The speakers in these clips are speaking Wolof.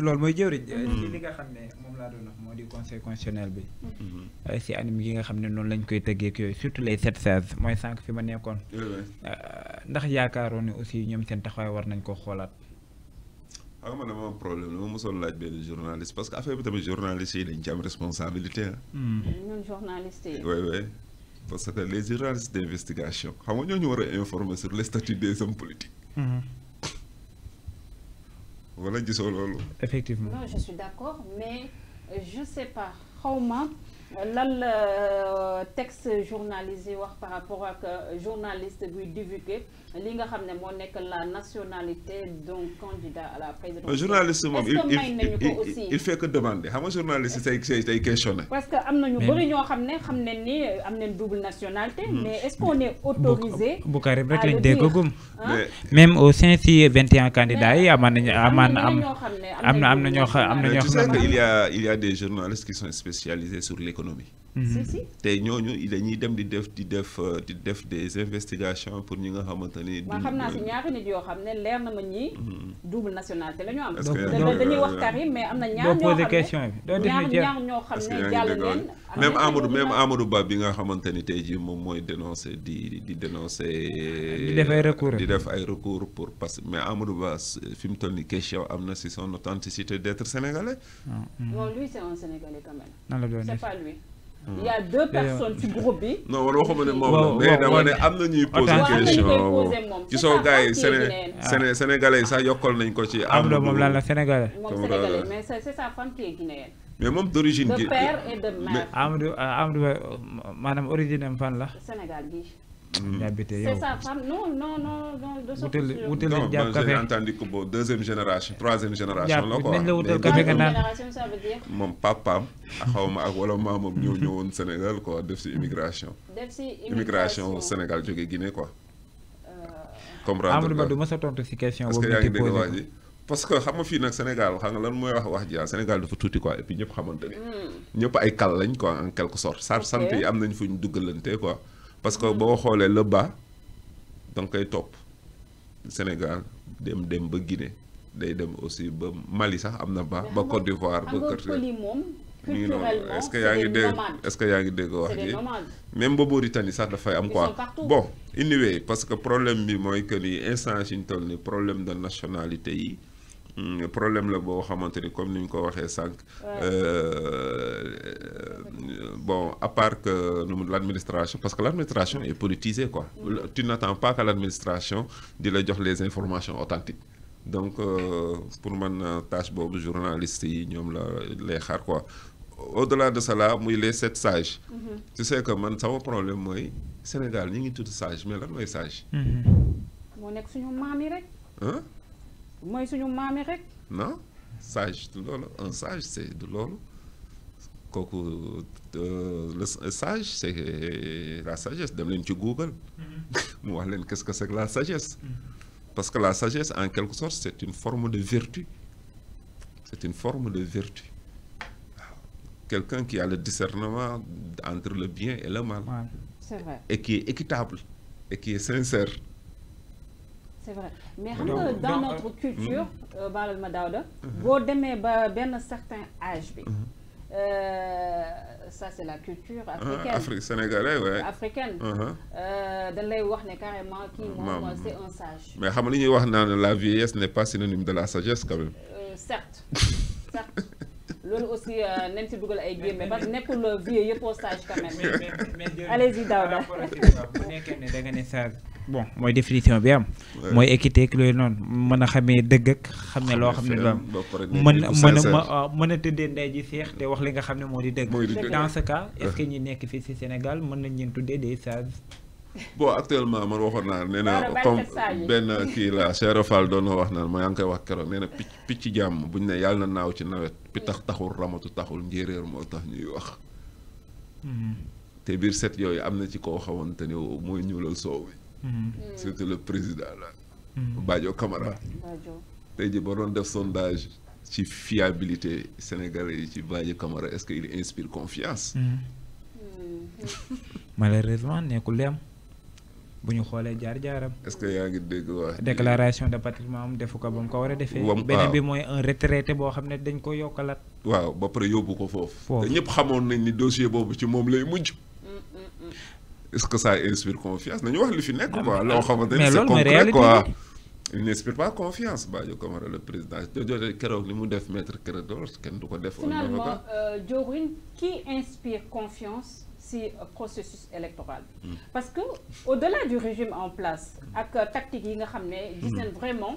ci loolu mooy jëwriñ mm-hmm. ci li nga xam ne moom laa doon wax moo di conseil constitutionnel bi mm-hmm. euh, si anam yi nga xam ne noonu lañ koy tëggeek yooyu surtout les sept sages mooy sànq fi ma nekkoon euh, ndax yaakaaroon ne aussi ñoom seen taxawaay war nañ ko xoolaat xam ah, nga dama am problème dama mosoon laaj benn journaliste parce que affaire bi tamit journaliste yi dañ ci am responsabilité ah. ñun journaliste parce que les journalistes d' investigation xam nga ñoo ñu war a informer sur wala gisoo loolu. effectivement non je suis d'accord mais je sais pas comment. Le euh, texte journalisé, par rapport ak euh, journaliste buy divulguer li nga xamné ne nek la nationalité d'un candidat à la présidence. journaliste il il fait que demander xam nga journaliste c'est say question parce que nous avons ñu ni euh, double nationalité. Hmm. mais est-ce qu'on est autorisé. Hein? même au sein de 21 candidats yi il y a il y a des journalistes qui sont spécialisés sur les. économie si si a ñooñu euh, des investigations pour nous si mhm. double nationalité dañuy euh, wax mais même Amadou même Amadou bi nga mooy dénoncer di di dénoncer. recours recours pour parce mais Amadou nous, son authenticité d'être sénégalais. non ah, hmm. lui c'est un sénégalais quand même. c'est pas lui. il y deux euh, personnes ci groupe bi. non wala waxuma ne moom la mais dama ne am na ñuy poser question ci soo gars yi ah. Séné sénégalais sax yokkal nañ ko ci. am na moom lan la sénégalais. moom sénégalais mais moom d'origine. de père et de mère. Amadou Amadou euh, maanaam origine fan la. Sénégal ñaabite mm. yow c'est ça non non non non. wutal leen jàpp café j'ai entendu que boobu deuxième génération troisième ko wax la wutal a xaw ma ak wala maamam ñëw woon Sénégal ko def si immigration. def si immigration Sénégal jóge Guinée quoi. Euh, comprendre Amadou Ba du ma sa tontu ko parce que xam nga nag Sénégal xam nga lan mooy wax wax ji ah Sénégal dafa tuuti quoi et puis ñëpp xamante ne. Hmm. ñëpp ay kal lañ quoi en quelque sorte. ok sant yi am nañ fu ñu duggalante quoi. parce que bo xolé le bas donc nga top le Sénégal dem dem ba Guinée day dem aussi ba Mali sax amna beaucoup ba ba Côte d'Ivoire ba Côte nii est-ce que y ngi dégg est-ce que yaa ngi dégg wax yi même ba Mauritanie sax fay am quoi bon anyway parce que problème bi moy que ni instant si tol ni problème de nationalité yi hmm, problème la bo xamanteni comme niñ ko waxé sank euh bon, à part que euh, l'administration, parce que l'administration est politisée, quoi. Tu n'attends pas que l'administration de leur les informations authentiques. Donc, euh, pour moi, euh, la tâche de journaliste, les chars, quoi. Au-delà de cela, moi, les sept sages. Mm-hmm. Tu sais que moi, ça un problème, moi, Sénégal, il y a tout sage, mais là, moi, sage. Mon ex, c'est un rek. Hein? Moi, c'est mamie, rek. Non, sage, tout Un sage, c'est de l'eau. Euh, le sage c'est la sagesse dem tu ci Google mm-hmm. qu'est-ce que c'est que la sagesse mm-hmm. parce que la sagesse en quelque sorte c'est une forme de vertu c'est une forme de vertu quelqu'un qui a le discernement entre le bien et le mal c'est vrai et qui est équitable et qui est sincère c'est vrai mais dans euh, notre euh, culture mm-hmm. baal ma vous un certain âge euh, ça c'est la culture ah, africaine. sénégalaise ouais. africaine. Uh-huh. Euh, dañ lay wax carrément qui ah, c'est un sage. mais xam la vieillesse n'est pas synonyme de la sagesse quand même. Euh, certes certes. L'autre aussi nañ ci dugal ay mais parce que le vieux pour sage quand même. allez-y d'abord. da nga sage. bon mooy définition bi am. mooy équité ak loolu noonu mën a xamee dëgg ak xam ne loo xam ne loolu mën mën a ah, mën a tëddee ndey ji seex te wax li nga xam ne moo di dëgg. dans ce cas ñi nekk fii ci Sénégal mën nañ leen tuddee des sages. bon actuellement man waxoon naa nee na comme benn kii la Cheikh Fall doon na naan ma yaa ngi koy wax keroog nee na picc picc jàmm buñ ne yàlla na naaw ci nawet pitax taxul ramatu taxul njéeréer moo tax ñuy wax. Hmm. te biir set yooyu am na ci koo xamante ne mooy ñuulal soow c'était mm-hmm. le président là mm-hmm. Badio Camara tey ji ba doon def sondage ci fiabilité sénégalais yi ci Badio Camara est-ce qu'il inspire confiance mm-hmm. malheureusement nekkul li am bu ñu xoolee jaar-jaaram. est-ce que yaa ngi dégg waa. déclaration de patrimoine am defu ko ba mu ko war a defee. bi mooy un retraité boo xam ne dañ ko yokkalaat. waaw ba pare yóbbu ko foofu. foofu te ñëpp ni dossier boobu ci moom lay mujj est-ce que ça inspire confiance nañu wax li fi nekk quoi c'est concret quoi il n'inspire pas confiance Badio Camara le président jo keroog li mu def maître Clédor kenn du ko def finalement euh, qui inspire confiance si euh, processus électoral hmm. parce que au-delà du régime en place ak euh, tactique yi nga xam ne hmm. gis vraiment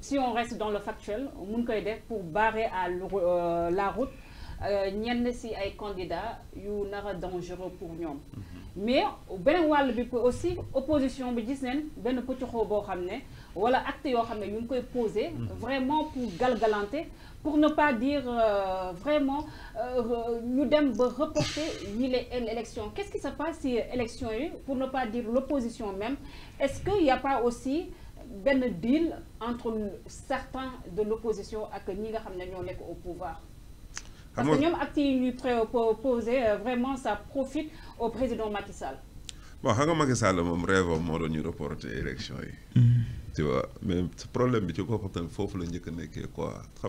si on reste dans le factuel mun koy def pour barrer la route euh, ñenn ci ay candidats yu sont dangereux pour nous. Mhm. mais benen wàll bi aussi opposition bi gis neen benn boo ne wala acte yoo xam ne poser mhm. vraiment pour galgalanter pour ne pas dire euh, vraiment euh, ñu dem ba reporter les élections qu'est-ce qui se passe si élection yi pour ne pas dire l'opposition même est-ce qu'il y a pas aussi un deal entre certains de l'opposition ak ñi nga sont au pouvoir parce que nous, actes lui proposer, euh, vraiment, ça profite au président Macky Sall. Bon, Macky Sall, mon rêve, moi, de reporter l'élection. Mm-hmm. Tu vois, mais ce problème, tu vois, quand il faut que nous quoi. Tu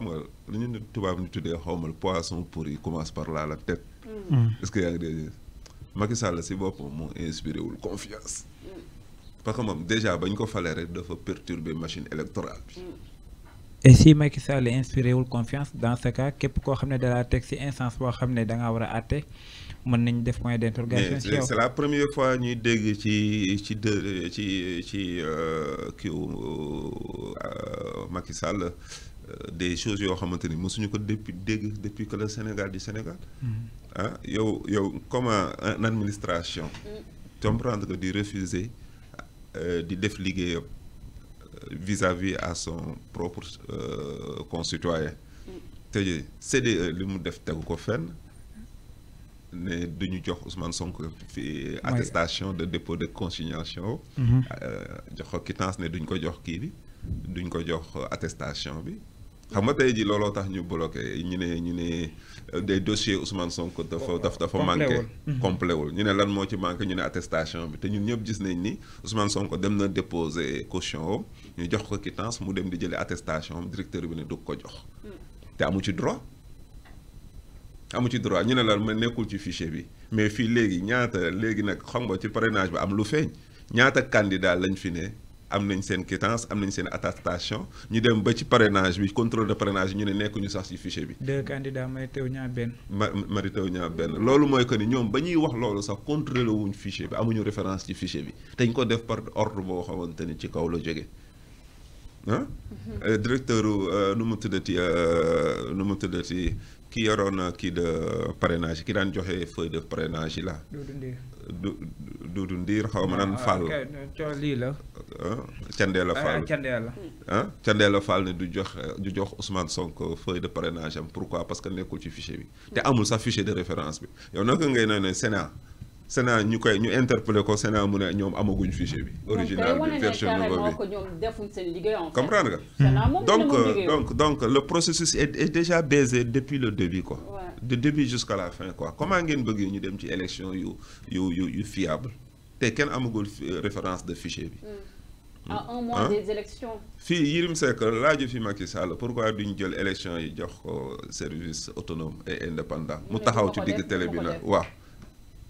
nous tu vas venir te hommes le poisson pourri commence par là, la tête. Mm-hmm. Est-ce qu'il y a des. Macky Sall, c'est bon pour moi, inspiré ou confiance. Mm. Parce que déjà, quand il fallait, il faut perturber la machine électorale. Mm et si Macky Sall inspiré wul confiance dans ce cas képp ko xamné ne da laa teg si instance bo xamné da nga wara atté mën nañ def point d'interrogation. c'est la première fois ñuy dégg ci ci ci ci euh, kii euh, Macky Sall euh, des choses yo xamanteni mësuñu ko depuis dégg depuis que le Sénégal du Sénégal. hein yow yow comment une administration. Mm. comprendre que di refuser di def liggéeyam vis-à-vis à son propre euh, concitoyen cest ce que nous def fait. ko fenn fait duñu attestation de dépôt de consignation Nous avons fait une duñ ko jox attestation xam nga tey jii looloo tax ñu bloqué ñu ne ñu ne euh, des dossiers Ousmane Sonko dafa dafa dafa manqué mhm. complet wul ñu ne lan moo ci manqué ñu ne attestation bi te ñun ñëpp gis nañ ni Ousmane Sonko dem na déposé caution ñu jox ko quittance mu dem di jëlee attestation directeur bi ne du ko jox te amu ci droit amu ci droit ñu ne lan ma nekkul ci fichier bi mais fii léegi ñaata léegi nag xam nga ci parrainage bi am lu feeñ ñaata candidat lañ fi ne am nañ seen quittance am nañ seen attestation ñu dem ba ci parrainage bi contrôle de parrainage ñu ne nekkuñu sax ci fichier bi. deux candidats Mary Teuw Niane benn. ma Mary Teuw Niane benn loolu mooy que ni ñoom ba ñuy wax loolu sax contrôlé wu fichier bi amuñu référence ci fichier bi. te ñu ko def par ordre boo xamante ni ci kaw la jege ah. Mhm. Eh, directeur eh, nu mu tuddati eh, nu mu tuddati ki yoroon kii de parrainage ki daan joxe feuille de parrainage yi la. du du Ndir xaw ma naan ah, Fall. lii la. Candeela ah, Fall ah Candeela Fall ne du jox du jox Ousmane Sonko feuille de parrainage am pourquoi parce que nekkul ci fichier bi. te amul sax fichier de référence bi yow naka ngay ne ne Sénat. Sénat ñu koy ñu interpellé ko Sénat mu ne ñoom amaguñ fichier bi. original bi version nouvelle. bi comprendre nga. donc donc donc le processus est est déjà baisé depuis le début quoi. de début jusqu'à la fin quoi comment ngeen bëgg ñu dem ci élection yu yu yu yu fiable té kenn amagul euh, référence de fichier bi. Hmm. à un mois hein? des élections. fii Yirim la ju fi Macky Sall pourquoi duñ jël élection yi jox ko service autonome et indépendant mu taxaw ci digg télé bi la waaw.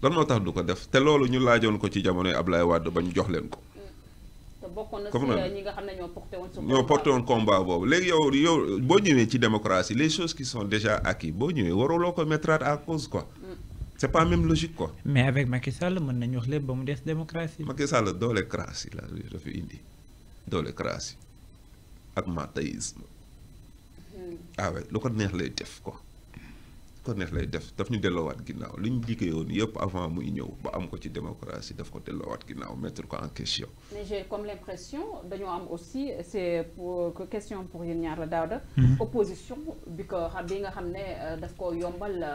lan moo tax du ko def te loolu ñu laajoon ko ci jamonoy Ablaye Wade ba ñu jox leen ko. Mm. te bokkoon na si ñi nga xam ñoo porté woon. ñoo porté boobu léegi yow yow boo ñëwee ci démocratie les choses qui sont déjà acquis boo ñëwee waruloo ko mettre à cause ko mm. c' est pas même logique quoi. mais avec Macky Sall mën nañu wax lépp ba mu des démocratie. Macky Sall doole crasse la dafa indi doole crasse ak mathéisme. Mm. ah lu ko neex lay def ko ko neex lay def daf ñu delloowaat ginnaaw li ñu liggéeyoon yëpp avant muy ñëw ba am ko ci démocratie daf ko delloowaat ginnaaw mettre ko en question. mais j'ai comme l'impression dañoo am aussi c'est pour question pour yéen ñaar la Daouda. Mhm. opposition bi ko ah, bi nga xam ne euh, daf ko yombal.